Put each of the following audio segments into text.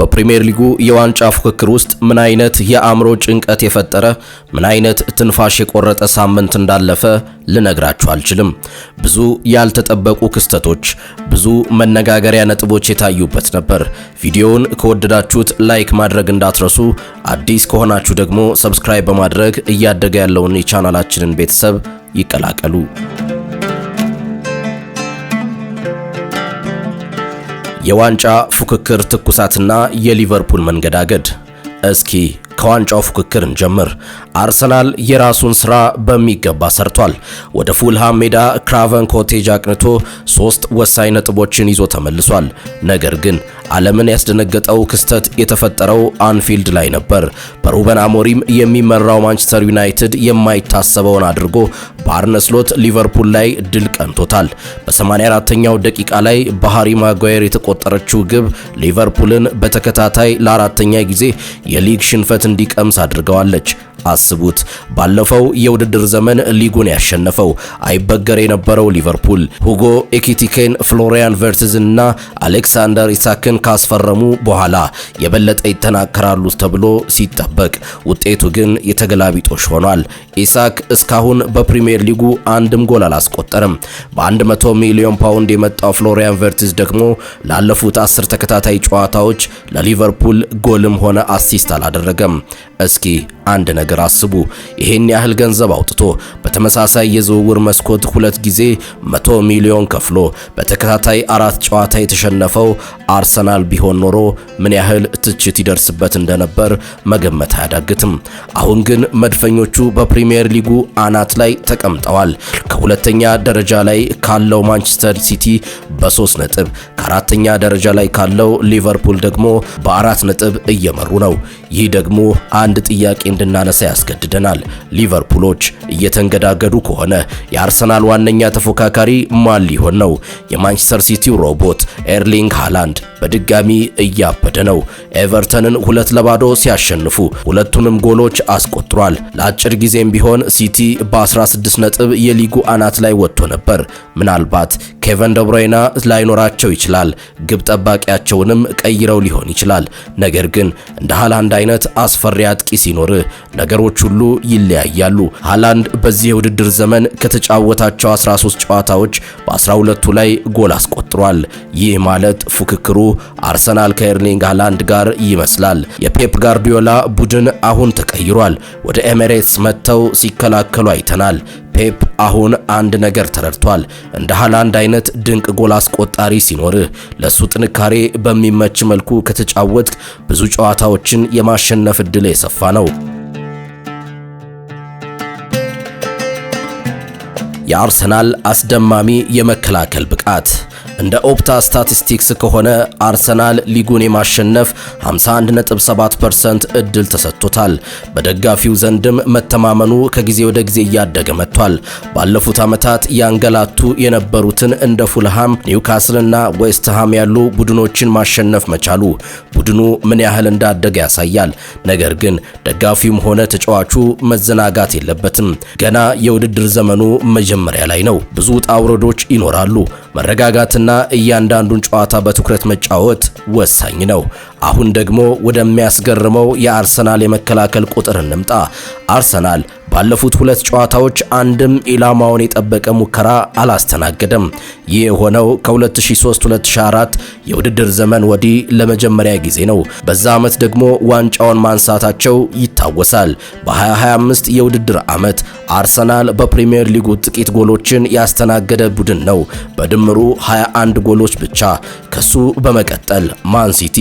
በፕሪምየር ሊጉ የዋንጫ ፉክክር ውስጥ ምን አይነት የአእምሮ ጭንቀት የፈጠረ ምን አይነት ትንፋሽ የቆረጠ ሳምንት እንዳለፈ ልነግራችሁ አልችልም። ብዙ ያልተጠበቁ ክስተቶች፣ ብዙ መነጋገሪያ ነጥቦች የታዩበት ነበር። ቪዲዮውን ከወደዳችሁት ላይክ ማድረግ እንዳትረሱ፣ አዲስ ከሆናችሁ ደግሞ ሰብስክራይብ በማድረግ እያደገ ያለውን የቻናላችንን ቤተሰብ ይቀላቀሉ። የዋንጫ ፉክክር ትኩሳትና የሊቨርፑል መንገዳገድ። እስኪ ከዋንጫው ፉክክርን እንጀምር። አርሰናል የራሱን ስራ በሚገባ ሰርቷል። ወደ ፉልሃም ሜዳ ክራቨን ኮቴጅ አቅንቶ ሶስት ወሳኝ ነጥቦችን ይዞ ተመልሷል። ነገር ግን ዓለምን ያስደነገጠው ክስተት የተፈጠረው አንፊልድ ላይ ነበር። በሩበን አሞሪም የሚመራው ማንቸስተር ዩናይትድ የማይታሰበውን አድርጎ በአርነስሎት ሊቨርፑል ላይ ድል ቀንቶታል። በ84ኛው ደቂቃ ላይ በሃሪ ማጓየር የተቆጠረችው ግብ ሊቨርፑልን በተከታታይ ለአራተኛ ጊዜ የሊግ ሽንፈት እንዲቀምስ አድርገዋለች። አስቡት ባለፈው የውድድር ዘመን ሊጉን ያሸነፈው አይበገር የነበረው ሊቨርፑል ሁጎ ኤኪቲኬን፣ ፍሎሪያን ቨርትዝ እና አሌክሳንደር ኢሳክን ካስፈረሙ በኋላ የበለጠ ይጠናከራሉ ተብሎ ሲጠበቅ ውጤቱ ግን የተገላቢጦሽ ሆኗል። ኢሳክ እስካሁን በፕሪሚየር ሊጉ አንድም ጎል አላስቆጠርም። በ100 ሚሊዮን ፓውንድ የመጣው ፍሎሪያን ቨርትዝ ደግሞ ላለፉት አስር ተከታታይ ጨዋታዎች ለሊቨርፑል ጎልም ሆነ አሲስት አላደረገም። እስኪ አንድ ነገር ነገር አስቡ። ይሄን ያህል ገንዘብ አውጥቶ በተመሳሳይ የዝውውር መስኮት ሁለት ጊዜ 100 ሚሊዮን ከፍሎ በተከታታይ አራት ጨዋታ የተሸነፈው አርሰናል ቢሆን ኖሮ ምን ያህል ትችት ይደርስበት እንደነበር መገመት አያዳግትም። አሁን ግን መድፈኞቹ በፕሪሚየር ሊጉ አናት ላይ ተቀምጠዋል። ከሁለተኛ ደረጃ ላይ ካለው ማንቸስተር ሲቲ በሶስት ነጥብ፣ ከአራተኛ ደረጃ ላይ ካለው ሊቨርፑል ደግሞ በአራት ነጥብ እየመሩ ነው። ይህ ደግሞ አንድ ጥያቄ እንድናነሳ ያስገድደናል። ሊቨርፑሎች እየተንገዳገዱ ከሆነ የአርሰናል ዋነኛ ተፎካካሪ ማን ሊሆን ነው? የማንቸስተር ሲቲው ሮቦት ኤርሊንግ ሃላንድ በድጋሚ እያበደ ነው። ኤቨርተንን ሁለት ለባዶ ሲያሸንፉ ሁለቱንም ጎሎች አስቆጥሯል። ለአጭር ጊዜም ቢሆን ሲቲ በ16 ነጥብ የሊጉ አናት ላይ ወጥቶ ነበር። ምናልባት ኬቨን ደብሮይና ላይኖራቸው ይችላል። ግብ ጠባቂያቸውንም ቀይረው ሊሆን ይችላል። ነገር ግን እንደ ሃላንድ አይነት አስፈሪ አጥቂ ሲኖርህ ነገሮች ሁሉ ይለያያሉ። ሃላንድ በዚህ የውድድር ዘመን ከተጫወታቸው 13 ጨዋታዎች በ12ቱ ላይ ጎል አስቆጥሯል። ይህ ማለት ፉክክሩ አርሰናል ከኤርሊንግ ሃላንድ ጋር ይመስላል። የፔፕ ጋርዲዮላ ቡድን አሁን ተቀይሯል። ወደ ኤሜሬትስ መጥተው ሲከላከሉ አይተናል። ፔፕ አሁን አንድ ነገር ተረድቷል። እንደ ሃላንድ አይነት ድንቅ ጎል አስቆጣሪ ሲኖርህ ለሱ ጥንካሬ በሚመች መልኩ ከተጫወትክ ብዙ ጨዋታዎችን የማሸነፍ ዕድል የሰፋ ነው። የአርሰናል አስደማሚ የመከላከል ብቃት እንደ ኦፕታ ስታቲስቲክስ ከሆነ አርሰናል ሊጉን የማሸነፍ 51.7% እድል ተሰጥቶታል። በደጋፊው ዘንድም መተማመኑ ከጊዜ ወደ ጊዜ እያደገ መጥቷል። ባለፉት ዓመታት ያንገላቱ የነበሩትን እንደ ፉልሃም፣ ኒውካስልና ዌስትሃም ያሉ ቡድኖችን ማሸነፍ መቻሉ ቡድኑ ምን ያህል እንዳደገ ያሳያል። ነገር ግን ደጋፊውም ሆነ ተጫዋቹ መዘናጋት የለበትም። ገና የውድድር ዘመኑ መጀመሪያ ላይ ነው። ብዙ ውጣ ውረዶች ይኖራሉ። መረጋጋትና ማወቅና እያንዳንዱን ጨዋታ በትኩረት መጫወት ወሳኝ ነው። አሁን ደግሞ ወደሚያስገርመው የአርሰናል የመከላከል ቁጥር እንምጣ። አርሰናል ባለፉት ሁለት ጨዋታዎች አንድም ኢላማውን የጠበቀ ሙከራ አላስተናገደም። ይህ የሆነው ከ2003-2004 የውድድር ዘመን ወዲህ ለመጀመሪያ ጊዜ ነው። በዛ ዓመት ደግሞ ዋንጫውን ማንሳታቸው ይታወሳል። በ2025 የውድድር ዓመት አርሰናል በፕሪሚየር ሊጉ ጥቂት ጎሎችን ያስተናገደ ቡድን ነው። በድምሩ 21 ጎሎች ብቻ ከሱ በመቀጠል ማን ሲቲ፣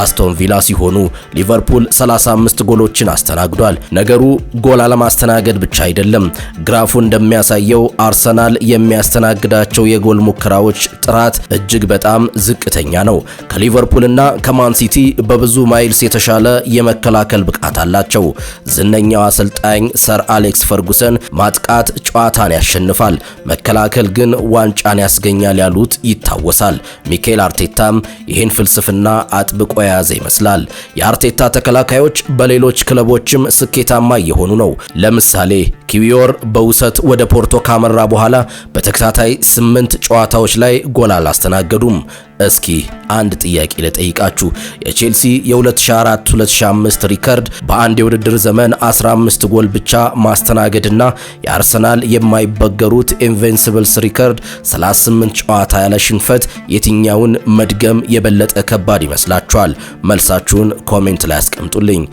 አስቶን ቪላ ሲሆኑ ሊቨርፑል 35 ጎሎችን አስተናግዷል። ነገሩ ጎል አለማስተናገድ ብቻ አይደለም። ግራፉ እንደሚያሳየው አርሰናል የሚያስተናግዳቸው የጎል ሙከራዎች ጥራት እጅግ በጣም ዝቅተኛ ነው። ከሊቨርፑልና ከማን ሲቲ በብዙ ማይልስ የተሻለ የመከላከል ብቃት አላቸው። ዝነኛው አሰልጣኝ ሰር አሌክስ ፈርጉሰን ማጥቃት ጨዋታን ያሸንፋል፣ መከላከል ግን ዋንጫን ያስገኛል ያሉት ይታወሳል። ሚኬል አርቴ አርቴታም ይህን ፍልስፍና አጥብቆ የያዘ ይመስላል። የአርቴታ ተከላካዮች በሌሎች ክለቦችም ስኬታማ እየሆኑ ነው። ለምሳሌ ኪዊዮር በውሰት ወደ ፖርቶ ካመራ በኋላ በተከታታይ ስምንት ጨዋታዎች ላይ ጎል አላስተናገዱም። እስኪ አንድ ጥያቄ ልጠይቃችሁ። የቼልሲ የ2004-2005 ሪከርድ በአንድ የውድድር ዘመን 15 ጎል ብቻ ማስተናገድና የአርሰናል የማይበገሩት ኢንቬንሲብልስ ሪከርድ 38 ጨዋታ ያለ ሽንፈት የትኛውን መድገም የበለጠ ከባድ ይመስላችኋል? መልሳችሁን ኮሜንት ላይ አስቀምጡልኝ።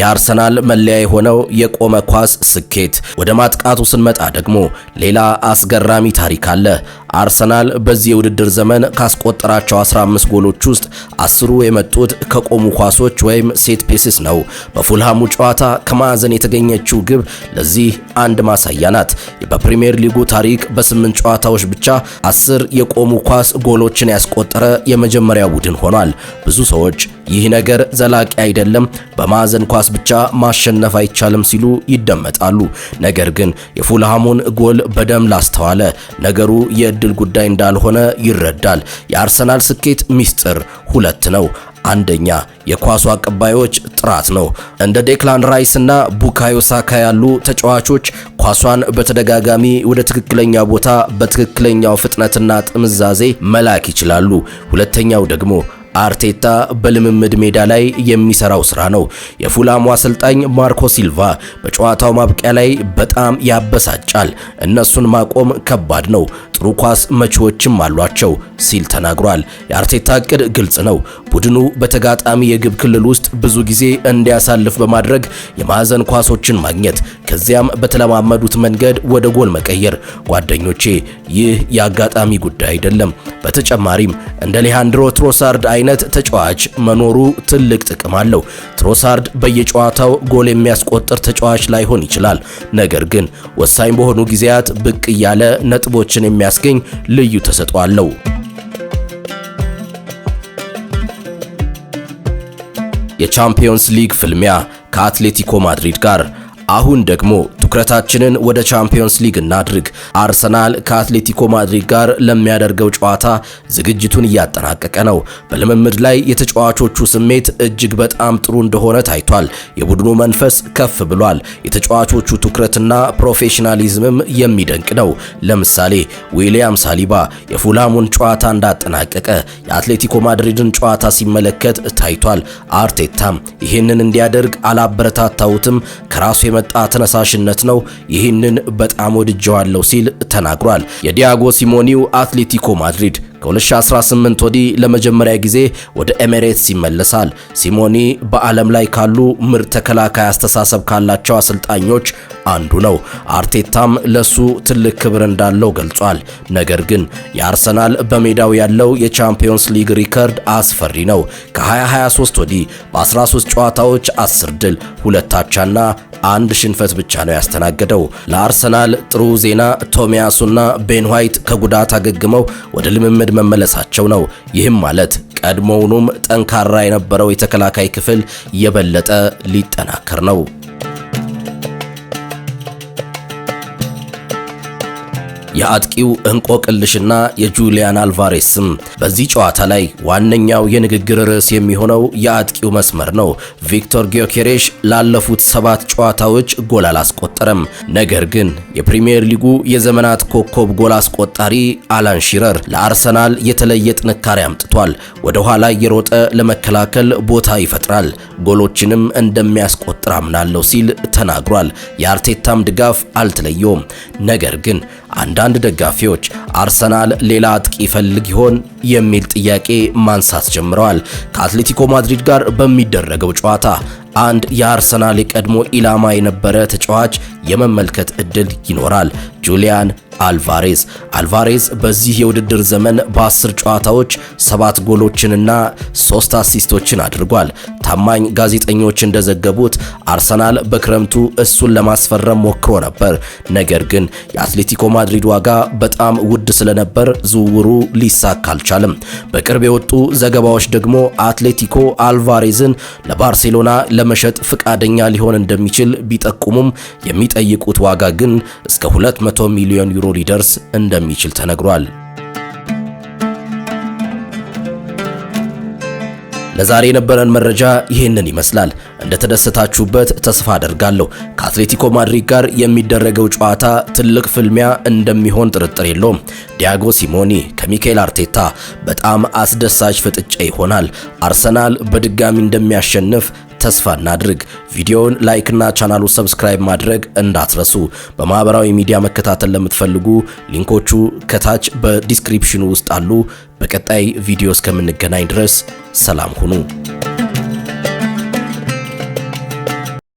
የአርሰናል መለያ የሆነው የቆመ ኳስ ስኬት። ወደ ማጥቃቱ ስንመጣ ደግሞ ሌላ አስገራሚ ታሪክ አለ። አርሰናል በዚህ የውድድር ዘመን ካስቆጠራቸው 15 ጎሎች ውስጥ አስሩ የመጡት ከቆሙ ኳሶች ወይም ሴት ፔሲስ ነው። በፉልሃሙ ጨዋታ ከማዕዘን የተገኘችው ግብ ለዚህ አንድ ማሳያ ናት። በፕሪሚየር ሊጉ ታሪክ በስምንት ጨዋታዎች ብቻ አስር የቆሙ ኳስ ጎሎችን ያስቆጠረ የመጀመሪያ ቡድን ሆኗል። ብዙ ሰዎች ይህ ነገር ዘላቂ አይደለም፣ በማዕዘን ኳስ በራስ ብቻ ማሸነፍ አይቻልም ሲሉ ይደመጣሉ። ነገር ግን የፉልሃሙን ጎል በደም ላስተዋለ ነገሩ የእድል ጉዳይ እንዳልሆነ ይረዳል። የአርሰናል ስኬት ሚስጥር ሁለት ነው። አንደኛ የኳሱ አቀባዮች ጥራት ነው። እንደ ዴክላን ራይስ እና ቡካዮ ሳካ ያሉ ተጫዋቾች ኳሷን በተደጋጋሚ ወደ ትክክለኛ ቦታ በትክክለኛው ፍጥነትና ጥምዛዜ መላክ ይችላሉ። ሁለተኛው ደግሞ አርቴታ በልምምድ ሜዳ ላይ የሚሰራው ስራ ነው። የፉላሙ አሰልጣኝ ማርኮ ሲልቫ በጨዋታው ማብቂያ ላይ በጣም ያበሳጫል። እነሱን ማቆም ከባድ ነው። ጥሩ ኳስ መቺዎችም አሏቸው። ሲል ተናግሯል። የአርቴታ እቅድ ግልጽ ነው። ቡድኑ በተጋጣሚ የግብ ክልል ውስጥ ብዙ ጊዜ እንዲያሳልፍ በማድረግ የማዕዘን ኳሶችን ማግኘት፣ ከዚያም በተለማመዱት መንገድ ወደ ጎል መቀየር። ጓደኞቼ፣ ይህ የአጋጣሚ ጉዳይ አይደለም። በተጨማሪም እንደ ሊሃንድሮ ትሮሳርድ አይነት ተጫዋች መኖሩ ትልቅ ጥቅም አለው። ትሮሳርድ በየጨዋታው ጎል የሚያስቆጥር ተጫዋች ላይሆን ይችላል፣ ነገር ግን ወሳኝ በሆኑ ጊዜያት ብቅ እያለ ነጥቦችን የሚያስገኝ ልዩ ተሰጥኦ አለው። የቻምፒዮንስ ሊግ ፍልሚያ ከአትሌቲኮ ማድሪድ ጋር አሁን ደግሞ ትኩረታችንን ወደ ቻምፒዮንስ ሊግ እናድርግ። አርሰናል ከአትሌቲኮ ማድሪድ ጋር ለሚያደርገው ጨዋታ ዝግጅቱን እያጠናቀቀ ነው። በልምምድ ላይ የተጫዋቾቹ ስሜት እጅግ በጣም ጥሩ እንደሆነ ታይቷል። የቡድኑ መንፈስ ከፍ ብሏል። የተጫዋቾቹ ትኩረትና ፕሮፌሽናሊዝምም የሚደንቅ ነው። ለምሳሌ ዊሊያም ሳሊባ የፉላሙን ጨዋታ እንዳጠናቀቀ የአትሌቲኮ ማድሪድን ጨዋታ ሲመለከት ታይቷል። አርቴታም ይህንን እንዲያደርግ አላበረታታውትም፣ ከራሱ የመጣ ተነሳሽነት ማለት ነው። ይህንን በጣም ወድጀዋለሁ ሲል ተናግሯል። የዲያጎ ሲሞኒው አትሌቲኮ ማድሪድ ከ2018 ወዲህ ለመጀመሪያ ጊዜ ወደ ኤሜሬትስ ይመለሳል። ሲሞኒ በዓለም ላይ ካሉ ምርጥ ተከላካይ አስተሳሰብ ካላቸው አሰልጣኞች አንዱ ነው። አርቴታም ለሱ ትልቅ ክብር እንዳለው ገልጿል። ነገር ግን የአርሰናል በሜዳው ያለው የቻምፒዮንስ ሊግ ሪከርድ አስፈሪ ነው። ከ2023 ወዲህ በ13 ጨዋታዎች 10 ድል፣ ሁለት አቻና አንድ ሽንፈት ብቻ ነው ያስተናገደው። ለአርሰናል ጥሩ ዜና ቶሚያሱና ቤን ዋይት ከጉዳት አገግመው ወደ ልምምድ ገመድ መመለሳቸው ነው። ይህም ማለት ቀድሞውኑም ጠንካራ የነበረው የተከላካይ ክፍል የበለጠ ሊጠናከር ነው። የአጥቂው እንቆቅልሽና የጁሊያን አልቫሬስ ስም በዚህ ጨዋታ ላይ ዋነኛው የንግግር ርዕስ የሚሆነው የአጥቂው መስመር ነው። ቪክቶር ጊዮኬሬሽ ላለፉት ሰባት ጨዋታዎች ጎል አላስቆጠረም። ነገር ግን የፕሪሚየር ሊጉ የዘመናት ኮከብ ጎል አስቆጣሪ አላን ሺረር ለአርሰናል የተለየ ጥንካሬ አምጥቷል። ወደ ኋላ እየሮጠ ለመከላከል ቦታ ይፈጥራል፣ ጎሎችንም እንደሚያስቆጥር አምናለሁ ሲል ተናግሯል። የአርቴታም ድጋፍ አልተለየውም። ነገር ግን አንዳ አንዳንድ ደጋፊዎች አርሰናል ሌላ አጥቂ ይፈልግ ይሆን የሚል ጥያቄ ማንሳት ጀምረዋል። ከአትሌቲኮ ማድሪድ ጋር በሚደረገው ጨዋታ አንድ የአርሰናል የቀድሞ ኢላማ የነበረ ተጫዋች የመመልከት እድል ይኖራል። ጁሊያን አልቫሬዝ አልቫሬዝ በዚህ የውድድር ዘመን በአስር ጨዋታዎች ሰባት ጎሎችንና ሶስት አሲስቶችን አድርጓል። ታማኝ ጋዜጠኞች እንደዘገቡት አርሰናል በክረምቱ እሱን ለማስፈረም ሞክሮ ነበር። ነገር ግን የአትሌቲኮ ማድሪድ ዋጋ በጣም ውድ ስለነበር ዝውውሩ ሊሳካ አልቻለም። በቅርብ የወጡ ዘገባዎች ደግሞ አትሌቲኮ አልቫሬዝን ለባርሴሎና ለመሸጥ ፍቃደኛ ሊሆን እንደሚችል ቢጠቁሙም የሚጠ የሚጠይቁት ዋጋ ግን እስከ 200 ሚሊዮን ዩሮ ሊደርስ እንደሚችል ተነግሯል። ለዛሬ የነበረን መረጃ ይህንን ይመስላል። እንደተደሰታችሁበት ተስፋ አደርጋለሁ። ከአትሌቲኮ ማድሪድ ጋር የሚደረገው ጨዋታ ትልቅ ፍልሚያ እንደሚሆን ጥርጥር የለውም። ዲያጎ ሲሞኒ ከሚካኤል አርቴታ በጣም አስደሳች ፍጥጫ ይሆናል። አርሰናል በድጋሚ እንደሚያሸንፍ ተስፋ እናድርግ። ቪዲዮውን ላይክና ቻናሉ ሰብስክራይብ ማድረግ እንዳትረሱ። በማህበራዊ ሚዲያ መከታተል ለምትፈልጉ ሊንኮቹ ከታች በዲስክሪፕሽኑ ውስጥ አሉ። በቀጣይ ቪዲዮ እስከምንገናኝ ድረስ ሰላም ሁኑ።